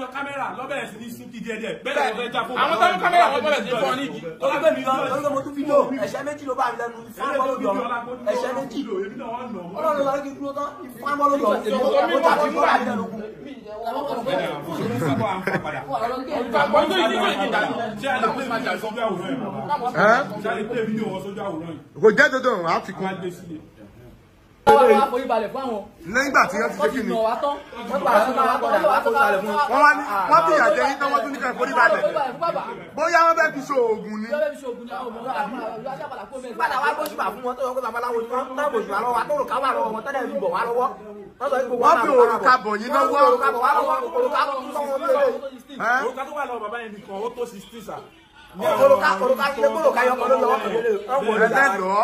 yọ kámẹ́rà lọ́bẹ̀rẹ̀ sí ní súnkì díẹ̀díẹ̀ bẹ́ẹ̀ lọ́bẹ̀ jà fún wa. àwọn kámẹ́rà wọn sí fún ọ ní igi. olùgbé méjì ló bá mi lẹ́nu ẹ̀ṣẹ́ méjì ọlọ́run lọ́dọ̀ kí n dúró tán ìfúnpá lọ́dọ̀ mo tàbí lẹ́yìn ìgbà tí wọ́n ti ṣe kí wọ́n wá ní wọ́n fi ìyà jẹ tán wọ́n tún ní ká ìforí balẹ̀ bóyá wọ́n fẹ́ fi ṣe oògùn ni. padà wá gbóṣù bà fún wọn tó yọ kó tàbá láwo ni tán gbòṣù wà lọ́wọ́ àtòrò ká wà lọ́wọ́ tẹ́lẹ̀ fi bọ̀ wá lọ́wọ́. wọ́n fi òrùka bọ̀ yín lọ́wọ́. òrùka tó wà lọ́wọ́ bàbá yẹn nìkan ó tó sixteen sà olùkà olùkà ilé gbọ́dọ̀ káyọ̀ ọkọ̀ ló lọ́wọ́ pẹ̀lú ilé ọkọ̀ ló dára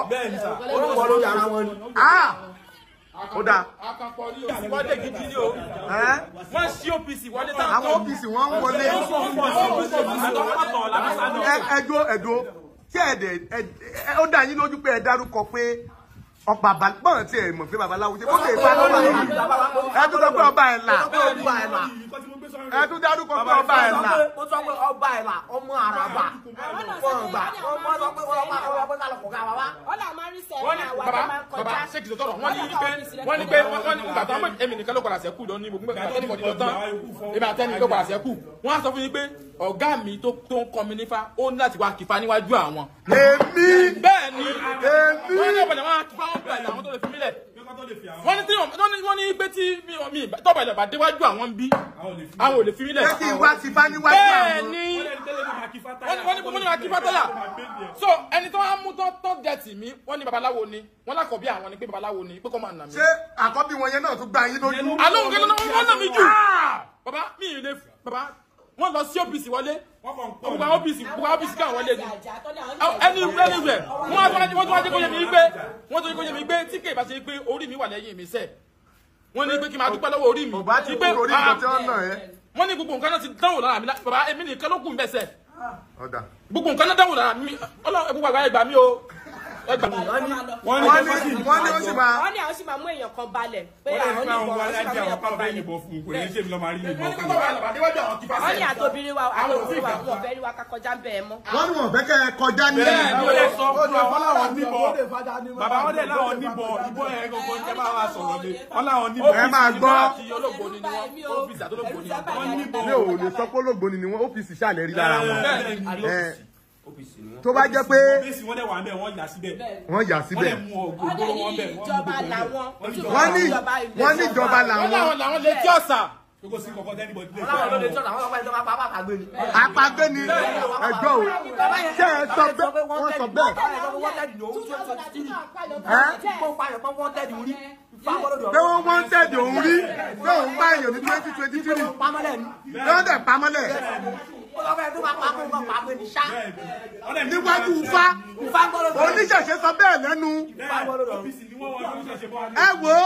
orúkọ ló dára wọn ni. Ah! Ah! ó dáa. wọ́dẹ̀ gidi ni o wọ́n sí OPC wọlé táwọn. àwọn OPC wọ́n ń wọlé. ẹdó ẹdó tí ẹ̀dẹ̀ ó dà yín lójú pé ẹ dárúkọ pé ọba àbálùpọ̀ tí ẹ mọ̀ pé babaláwo ṣe kó lè bá lọ́wọ́ ẹ tó sọ pé ọba ẹ̀ là ẹ tún dárúkọ pé ọba ẹ̀ là. mo sọ pé ọba ẹ̀ là ọmọ àràbà ọgbà ọmọ sọ pé ọba ọba pé kálọ̀ kò ká wa wá. ọlá máa rí sẹ́yìn náà wà kọjá. bàbá ṣèkìtì tọrọ wọn ní pé wọn ní pé wọn ní gbàgbọ́ ọmọ èmi nìkan ló padà sẹ́kù lọ gbogbo ẹni kọ̀ọ̀dì tán èmi àtẹni ló padà sẹ́kù á sọ fún yín pé ọ̀gá mi tó ń kọ́ mi nífa ó ní láti wá kìfa níwájú àwọn. èmi bẹ́ẹ̀ ni èmi wọ́n ní ọ̀pọ̀lọpọ̀ àwọn kìfa ó bẹ̀rẹ̀ àwọn tó lè fi mílẹ̀ wọ́n ní tí wọ́n ní pé tí mi tọ́ba ìlọ̀bà déwájú àwọn ń bí àwọn ò lè fi mí lẹ̀. bẹ́ẹ̀ ni wá ti bá níwájú àwọn. bẹ́ẹ̀ ni wọ́n ní wọ́n ní akífátálà so ẹni tó wá mú tán dẹ̀tì mí wọ́n ní babaláwo ni wọ́n lákọ̀ọ́bí àwọn ni pé babaláwo ni pé kọ́ máa nà mí. ṣé àkọ́bí wọn yẹn náà tún gbá yín lójú. àlóhùn kẹ́kẹ́ náà wọ́n nà mí jù bàbá mi ì wọ́n lọ sí OPC wọlé ọgbà OPC ọgbà OPC ká wọlé ni ẹni anywhere wọ́n tún wá jẹ́ kó yẹ mi gbé wọ́n tún jẹ́ kó yẹ mi gbé tí kèé bá ṣe pé orí mi wà lẹ́yìn mi sẹ́ẹ̀ wọ́n ní pé kí n máa dúpẹ́ lọ́wọ́ orí mi ìgbé ah, wọ́n ní gbogbo nǹkan náà ti dánwò lára mi bàbá èmi nìkan ló kù ń bẹ̀ gbogbo nǹkan náà dánwò lára mi ọlọ́run ẹ̀gbọ́n àgbà ẹ̀gbà mi o wọ́n ní wọ́n sì máa. wọ́n ní àwọn sì máa mú èèyàn kan balẹ̀. pé àwọn ní ìbọn wọn sì máa mú èèyàn kan balẹ̀. wọ́n ní àtòbìnrin wa àwọn òfin wa wọn fẹ́ rí wa ká kọjá bẹ́ẹ̀ mọ́. wọ́n ní wọn fẹ́ kẹ́ ẹ kọjá nílẹ̀. bẹ́ẹ̀ ló lè sọ fún ọ wọn làwọn bàbá wọn lè láwọn níbọn ìbọn ẹ̀ gbogbo ẹ máa wá sọ̀rọ̀ lé wọn láwọn níbọn. máa gbọ́ tó bá jẹ́ pé wọ́n yà síbẹ̀ wọ́n ní ìjọba làwọn létí ọ̀sà apagbe ni ẹjọ́ o ṣe é sọ bẹ́ẹ̀ wọ́n sọ bẹ́ẹ̀. pé wọ́n wọ́n tẹ̀dí òun rí pé òun bá èèyàn ní twenty twenty three lọ́dẹ̀ pamọ́lẹ̀ ọbẹ̀ tó máa pàmò ìmọ̀ pàmò ìṣá. níwájú Ifá oníṣẹ̀ṣe sọ bẹ́ẹ̀ lẹ́nu. ẹ wo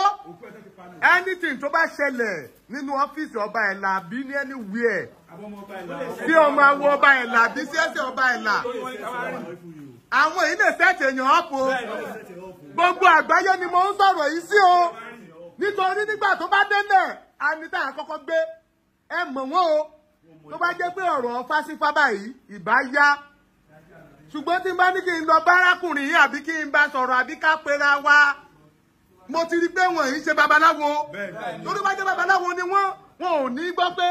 anything tó bá ṣẹlẹ̀ nínú ọ́fíìsì ọba ẹ̀là àbí ní anywhere sí ọmọ awo ọba ẹ̀là àbí sí ẹsẹ̀ ọba ẹ̀là àwọn èyí lè sẹ́ẹ̀tì èèyàn ọ̀pọ̀ gbogbo àgbáyé ni mo ń sọ̀rọ̀ yìí sí o nítorí nígbà tó bá délẹ̀ anita àkọ́kọ́ gbé ẹ mọ̀ wọ́n o tó bá jẹ́ pé ọ̀rọ̀ fásifa báyìí ìbá yá ṣùgbọ́n tí n bá ní kí n lọ bárákùnrin yìí àbí kí n bá sọ̀rọ̀ àbí ká pera wa mo ti rí pé wọ́n yìí ṣe babaláwo lórí bá jẹ́ babaláwo ni wọ́n wọn ò ní gbọ́ pé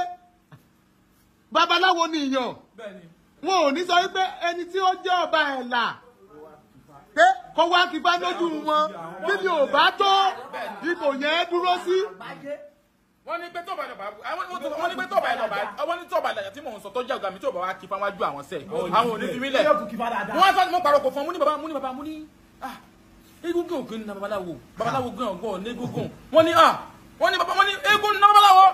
babaláwo ni ìyàn wọn ò ní sọ wípé ẹni tí ó jẹ́ ọba ẹ̀là pé kó wá kí bá lójú wọn bí mi ò bá tó ipò yẹn dúró sí wọ́n ní pé tọ́ba lọ́ba wọ́n ní pé tọ́ba lọ́ba wọ́n ní tọ́ba lọ́ba tí mò ń sọ tọ́jú àgbà mi tí ò bá wá kí fáwọn ajú àwọn sẹ́ẹ̀ àwọn ò ní fi mí lẹ̀ wọ́n sọ mo pàrọ̀kọ̀ fún ọ mú ní bàbá mú ní bàbá mú ní ah egungun ògùn ní babaláwo babaláwo gan ọgbọ́n ní egungun wọ́n ní ah wọ́n ní bàbá wọ́n ní eégún ní babaláwo.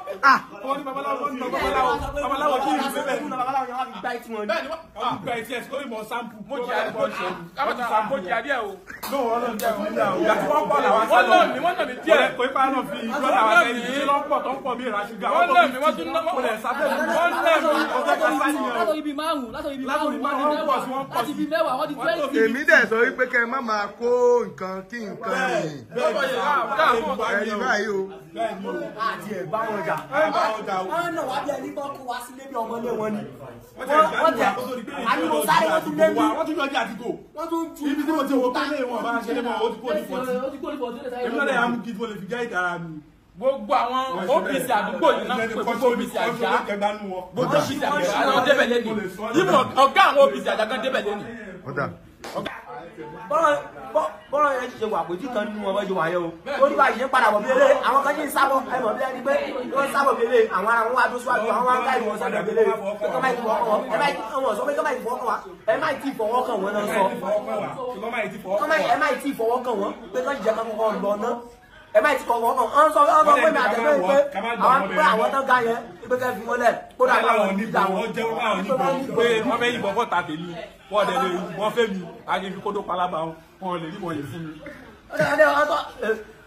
wọ́n ní babaláwo ní babaláwo babaláwo kí ni bẹ́ẹ̀ bẹ́ẹ̀ babaláwo yẹn wà ní gba ìtumọ̀ ní. bẹ́ẹ̀ ni wọ́n gba ìtí ẹ̀sìn lórí mọ̀ sampo mo jẹ àdìbò ṣe o sampo jẹ àdìẹ o. lóòwò ọlọ́run jẹ òun yà o yàtí wọ́n pọ̀ làwọn sálọ. wọ́n lọ mi wọ́n nà mí díẹ̀. kò ipa náà fi ìjọ làwọn ẹni tí lọ́ pọ̀ tó ń pọ̀ mí ra ṣúgà. wọ́n lọ mi wọ́n tún náà wọ́n lẹ̀ sábẹ́ mi. wọ́n lọ mi ọjọ́ kan sáyẹn o. látọ̀ ibi márùn-ún látọ̀ ibi márùn-ún láti ibi mẹ́wàá wọ́n ti tẹ́ èmi dẹ̀ sọ wípé kẹ́ ẹ má máa kó nǹkan kí nǹkan yìí ẹ̀yin báyìí o àti ẹ̀bá wọn jà wọn náà wá bí ẹni bọ́ kó wá sílé bí ọmọ ilé wọn ni wọ́n tẹ̀ àyùmọ̀ sáré wọ́n tún lé ní wọ́n tún lọ́jà àdìgbò wọ́n tún ju ibi tí mo ti wò ó kọ́lé wọn bá ṣe lébọn ó ti kó ní fọ́tí èmi náà lè yà á mú kí mo lè fi jẹ́ ìtara mi gbogbo àwọn ọ́fíìsì àdúgbò yìí náà pé gbogbo ọ́fíìsì àjà gbogbo ọ́fíìsì àjà kan débẹ̀ lẹ́nu ìmọ̀ ọ̀gá àwọn ọ́fíìsì àjà kan débẹ̀ lẹ́nu bọ́lọ̀ yẹn ti ṣe wà pòtí kan nínú ọmọ ìjọba yẹn o ó ní báyìí ṣe ń padà bọ̀ bílẹ̀ àwọn kan ṣe ń sábọ̀ ẹ mọ̀ bí ẹni pé wọ́n ń sábọ̀ bílẹ̀ àwọn ará wọn wá tó síwájú àwọn wọn ká ìwọ̀n sábọ̀ bílẹ̀ kọ́ máa ti fọwọ́ kàn wọ́n ẹ máa sọ pé kọ́ máa ti fọwọ́ kàn wá ẹ máa ti fọwọ́ kàn wọ́n náà sọ ẹ máa ti fọwọ́ kàn wọ́n pé ẹ má ti kọ wọn kàn án sọ ọ́n sọ pé mi àtẹ̀wé pé àwọn pé àwọn tán ga yẹn pé kẹ́ fi wọlé kódà báwọn ní ìjà wọn jẹ́ wọn àwọn níbo pé wọ́n fẹ́ yìnbọn fọ́ tèmi wọ́n dẹ̀ lè wọ́n fẹ́ mi àyè fi kódó palaba wọn lè rí yẹn fún mi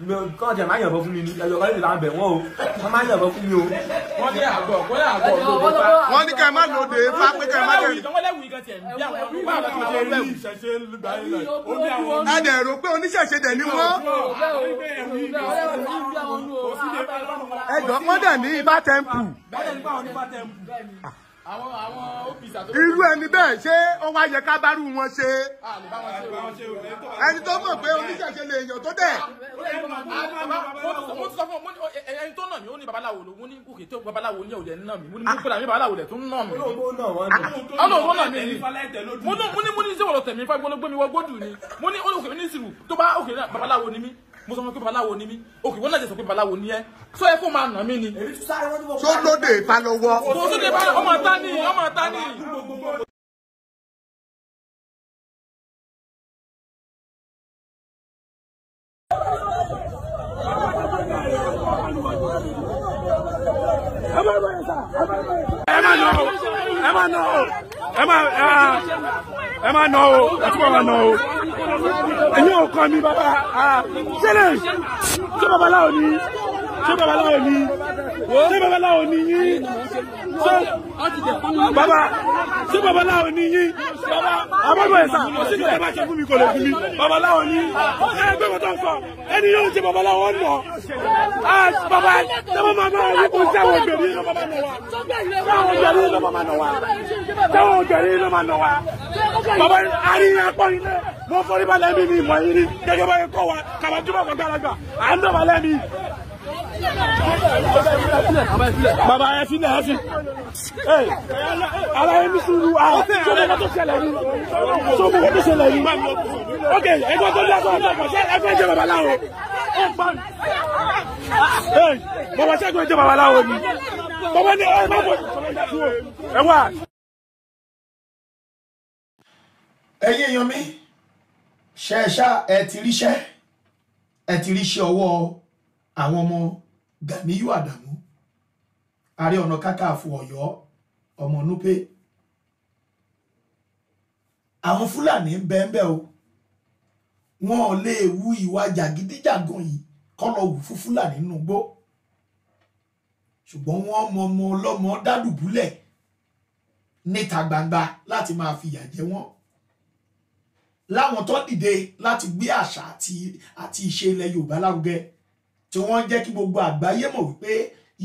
ìgbẹ́ kọ́ jẹ̀ máa yànbọ̀ fún mi ní ẹjọ́ kọ́lé ìlànà bẹ̀ wọ́n o wọ́n máa yànbọ̀ fún mi o. wọ́n ní àgọ̀ kó yà àgọ̀ lóde fa. wọ́n ní ká má lóde fa pé ká má lóde. ẹ dẹ̀ rò pé oníṣẹ̀ṣe dẹ̀ ni wọ́n. ẹ jọ wọ́n dẹ̀ ní ibà tẹ́ǹpù irú ẹni bẹ́ẹ̀ ṣé ó wá yẹ ká bárú wọn ṣe ẹni tó mọ̀ pé oníṣẹ̀ṣe lè yàn tó dẹ̀. ẹni tó nà mí ó ní babaláwo ló mú ní òkè tó babaláwo ní òde nà mí mo ní kúrò àmì babaláwo lẹ̀ tó nà mí. ọlọ́wọ́ nà mí ni ní mo ní sèwọ̀lọ̀ tẹ̀mí fagbọ́n ló gbé mi ni mo ní òkè ní sìrù tó bá òkè náà babaláwo ni mí mo sọ pé babaláwo ni mí òkè wọn náà ti sọ pé babaláwo ni ẹ sọ ẹ kó máa nà mí ni. tó lóde ìbálòwọ. tó lóde ìbálòwọ ọmọ ta ọmọ ta ẹ má nà ó ẹ má nà ó ẹ má nà ó ẹ túbọ̀ má nà ó ẹ̀yin ò kọ́ mi bàbá ṣẹlẹ̀ ṣé babaláwo ni ṣé babaláwo ni ṣé babaláwo ni yín bàbá ṣé babaláwo ni yín bàbá àbọ̀dọ̀ ẹ̀sà ọ̀sìn ìjọba bá ṣe fún mi kò lè fún mi babaláwo ni ẹ gbé wọn tó ń sọ ẹni yóò ṣe babaláwo nọ bàbá sábà máa bá ẹni kò sí àwọn ògbèrè ló máa nọ wa sáwọn ògbèrè ló máa nọ wa sáwọn ògbèrè ló máa nọ wa bàbá àríyìn apọ̀ ilé mo forí balẹ̀ mi ni ìmọ̀ yìí rí gẹ́gẹ́ bá yẹ kọ́ wa kàwá jùmọ̀ kọ́ gbára gbà à ń dọ̀bà lẹ́mi. bàbá ẹ fi náà fi ara ẹni sùúrù a sọmọ kó tó ṣẹlẹ̀ yìí sọmọ kó tó ṣẹlẹ̀ yìí ok ẹgbẹ́ tó dá sọ̀rọ̀ náà kọ̀ ṣẹ́ ẹgbẹ́ jẹ́ babaláwo bàbá ṣẹ́gun jẹ́ babaláwo ni bàbá ni ẹ má bọ̀ ẹ wá. ẹ̀yin mi ṣẹṣà ẹ ti ríṣẹ́ ẹ ti ríṣẹ́ ọwọ́ àwọn ọmọ Gàníyù Àdàmú Ààrẹ Ọ̀nà Kakanfò Ọ̀yọ́ ọmọ Nupe àwọn Fúlàní ń bẹ́ẹ̀ o wọn ò lè wu ìwà jàgídíjàgan yìí kọ́ lọ wù fún Fúlàní nínú gbó ṣùgbọ́n wọ́n mọ ọmọ ọlọ́mọ dádùbúlẹ̀ níta gbangba láti máa fìyà jẹ wọ́n láwọn tó dìde láti gbé àṣà àti àti ìṣe ilẹ̀ yorùbá lárugẹ tí wọ́n jẹ́ kí gbogbo àgbáyé mọ̀ wípé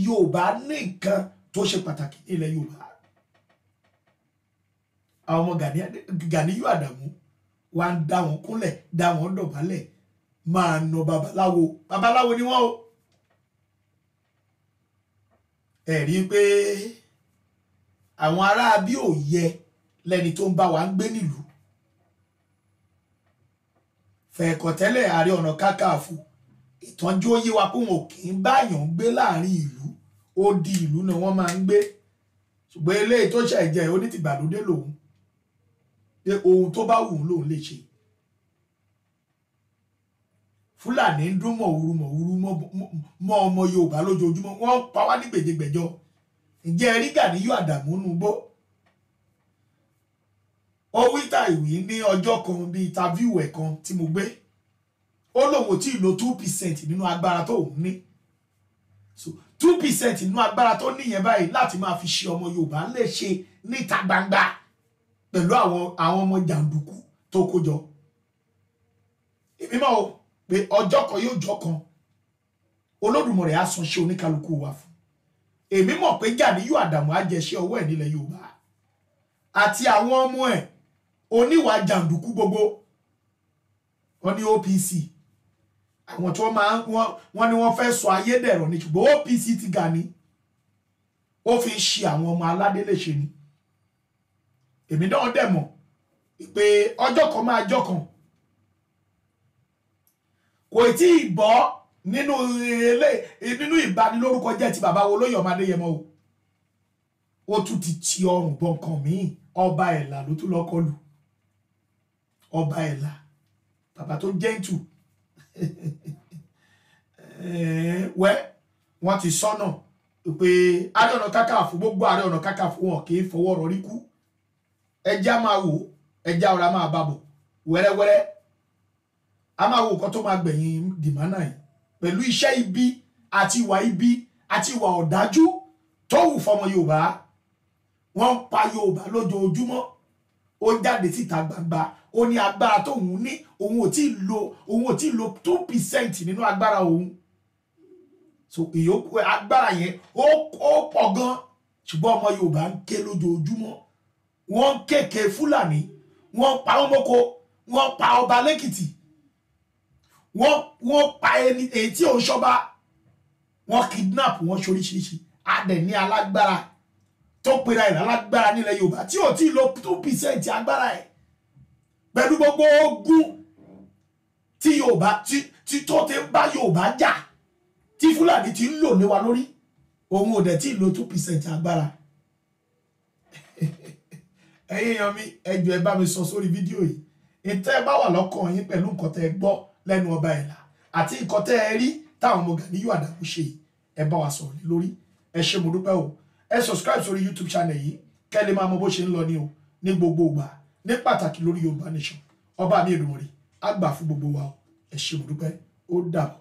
yorùbá ní nǹkan tó ṣe pàtàkì ilẹ̀ yorùbá àwọn ọmọ Gàníyù Àdàmú wa ń dá wọn kúnlẹ̀ dá wọn dọ̀bálẹ̀ máa nà babaláwo babaláwo ni wọ́n o ẹ̀rí pé àwọn ará bí ò yẹ lẹ́ni tó ń bá wa ń gbé nílùú fẹ̀kọ̀tẹ́lẹ̀ ààrẹ ọ̀nà kákàfò ìtọ́jú ó yé wa pé wọn ò kì í báyàn gbé láàrin ìlú ó di ìlú ni wọ́n máa ń gbé ṣùgbọ́n eléyìí tó ṣe ìjẹ́ onítìgbàlódé lòun pé ohun tó bá wù ú lòun lè ṣe fúlàní ń dún mọ̀wúrú mọ̀wúrú mọ́ ọmọ yorùbá lójoojúmọ́ wọ́n pa wá ní gbèjégbèjọ ǹjẹ́ rí Gàníyù Àdàmú nù gbó ó wíta ìwé ní ọjọ́ kan ní interview ẹ̀ kan tí mo gbé ó lòun tí ì lo two percent nínú agbára tó òun ní so two percent nínú agbára tó níyẹn báyìí láti máa fi ṣe ọmọ Yorùbá lè ṣe níta gbangba pẹ̀lú àwọn àwọn ọmọ jàǹdùkú tó kó jọ èmi mọ̀ o pé ọjọ́ kan yóò jọ kan Olódùmarè á san ṣe oníkálukú wa fún èmi mọ̀ pé Gàníyù Àdàmú á ọwọ́ ẹ̀ nílẹ̀ Yorùbá àti àwọn ọmọ ẹ̀ oníwà jàǹdùkú gbogbo wọ́n ní OPC àwọn tí wọ́n máa wọ́n wọ́n ní wọ́n fẹ́ sọ ayé dẹ̀rọ̀ ní ṣùgbọ́n OPC ti Gani ó fi ń ṣe àwọn ọmọ aládé léṣe ni èmi náà dẹ̀ mọ̀ pé ọjọ́ kan máa jọ́ kan kò tí ì bọ́ nínú ilé nínú ìbanilórúkọ jẹ́ ti bàbá olóyè ọmọ Adéyẹmọ o ó tún ti ti ọrùn gbọ̀ǹkan míì ọba ẹ̀là ló tún lọ́kọ́ lù ọba ẹ̀la bàbá tó jẹ́ǹtù eh, wẹ́ wọ́n ti sọ́nà pé Ààrẹ Ọ̀nà Kakanfò gbogbo Ààrẹ Ọ̀nà Kakanfò wọn kì í fọwọ́ rọrí kú ẹjá máa wò ẹjá ọ̀rá máa bàbọ̀ wẹ́rẹ́wẹ́rẹ́ a máa wo nǹkan tó máa gbẹ̀yìn dìmánà yìí pẹ̀lú iṣẹ́ ibi àti ìwà ibi àti ìwà ọ̀dájú tó wù fọmọ Yorùbá wọ́n pa Yorùbá lójoojúmọ́ ó jáde síta gbangba ó ní agbára tóun ní òun ò tí ì lo òun ò tí ì lo two percent nínú agbára òun so ìyókù agbára yẹn ó pọ̀ gan ṣùgbọ́n ọmọ Yorùbá ń ké lójoojúmọ́ wọ́n ń kéèké Fúlàní wọ́n pa ọmọkò wọ́n pa ọba lẹ́kìtì wọ́n pa ẹni èyí tí ò ṣọba wọ́n kidnap wọ́n ṣoríṣiríṣi a dẹ̀ ní alágbára tó pera ẹ̀ lálágbára nílẹ̀ yorùbá tí ò tí ì lo two percent agbára ẹ̀ pẹ̀lú gbogbo ogun tí yorùbá tí tí tó ti bá yorùbá jà tí fúlàní ti ń lò ní wa lórí òun ò dẹ̀ tí ì lo two percent agbára ẹ̀yin èèyàn mi ẹ jọ̀ọ́ ẹ bá mi sọ sórí fídíò yìí ìtẹ́ ẹ bá wà lọ́kàn yín pẹ̀lú nǹkan tẹ́ ẹ gbọ́ lẹ́nu ọba ẹ̀là àti nǹkan tẹ́ ẹ rí táwọn ọmọ Gani Adams ṣe ẹ bá wa sọ̀rọ̀ lórí ẹ ṣé mo dúpẹ́ o ẹ subscribe sórí youtube channel yìí kẹ́ lè máa mọ bó ṣe ń lọ ní o ní gbogbo ìgbà ní pàtàkì lórí yorùbá nation ọba mi Èdùmàrè á gbà fún gbogbo wa ẹ ṣé mo dúpẹ́ ó dàbọ̀.